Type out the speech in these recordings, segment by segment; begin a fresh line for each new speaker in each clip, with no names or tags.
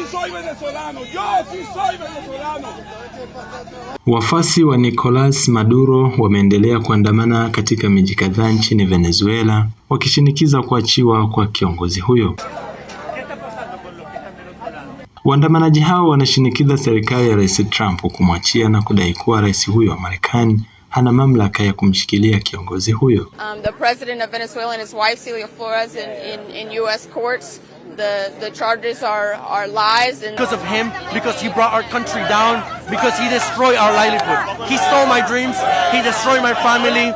sí soy venezolano, yo sí soy venezolano. Wafuasi wa Nicolas Maduro wameendelea kuandamana katika miji kadhaa nchini Venezuela wakishinikiza kuachiwa kwa kiongozi huyo. Waandamanaji hao wanashinikiza serikali ya Rais Trump kumwachia na kudai kuwa rais huyo wa Marekani hana mamlaka ya kumshikilia kiongozi huyo.
Um, the president of Venezuela and his wife Celia Flores in, in, in US courts the, the charges are, are lies. And
because of him, because he brought our country down, because he destroyed our livelihood. He stole my dreams, he destroyed my family,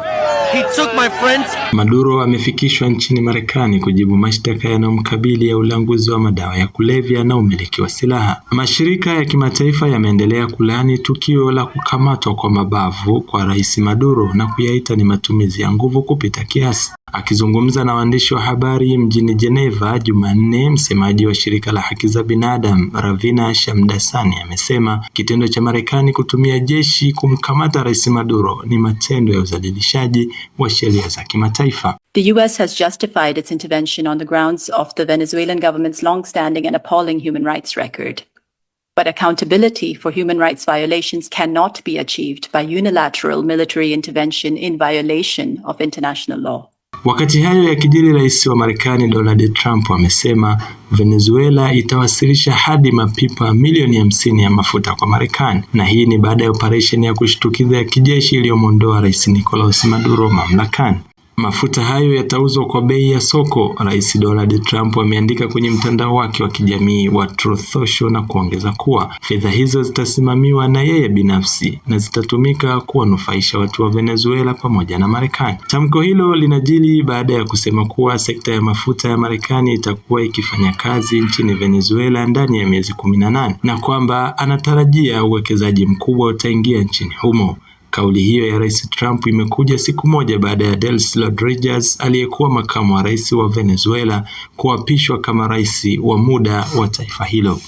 he took my friends.
Maduro amefikishwa nchini Marekani kujibu mashtaka yanayomkabili ya ulanguzi wa madawa ya kulevya na umiliki wa silaha. Mashirika ya kimataifa yameendelea kulaani tukio la kukamatwa kwa mabavu kwa Rais Maduro na kuyaita ni matumizi ya nguvu kupita kiasi. Akizungumza na waandishi wa habari mjini Geneva Jumanne, msemaji wa shirika la haki za binadamu Ravina Shamdasani amesema kitendo cha Marekani kutumia jeshi kumkamata Rais Maduro ni matendo ya uzalilishaji wa sheria za kimataifa.
The US has justified its intervention on the grounds of the Venezuelan government's long-standing and appalling human rights record. But accountability for human rights violations cannot be achieved by unilateral military intervention in violation of international law.
Wakati hayo ya kijiri rais wa Marekani Donald Trump amesema Venezuela itawasilisha hadi mapipa milioni hamsini ya mafuta kwa Marekani, na hii ni baada ya operesheni ya kushtukiza ya kijeshi iliyomwondoa rais Nicolas Maduro mamlakani. Mafuta hayo yatauzwa kwa bei ya soko, Rais Donald Trump ameandika kwenye mtandao wake wa kijamii wa Truth Social na kuongeza kuwa fedha hizo zitasimamiwa na yeye binafsi na zitatumika kuwanufaisha watu wa Venezuela pamoja na Marekani. Tamko hilo linajili baada ya kusema kuwa sekta ya mafuta ya Marekani itakuwa ikifanya kazi nchini Venezuela ndani ya miezi 18 na kwamba anatarajia uwekezaji mkubwa utaingia nchini humo. Kauli hiyo ya Rais Trump imekuja siku moja baada ya Delcy Rodriguez aliyekuwa makamu wa rais wa Venezuela kuapishwa kama rais wa muda wa taifa hilo.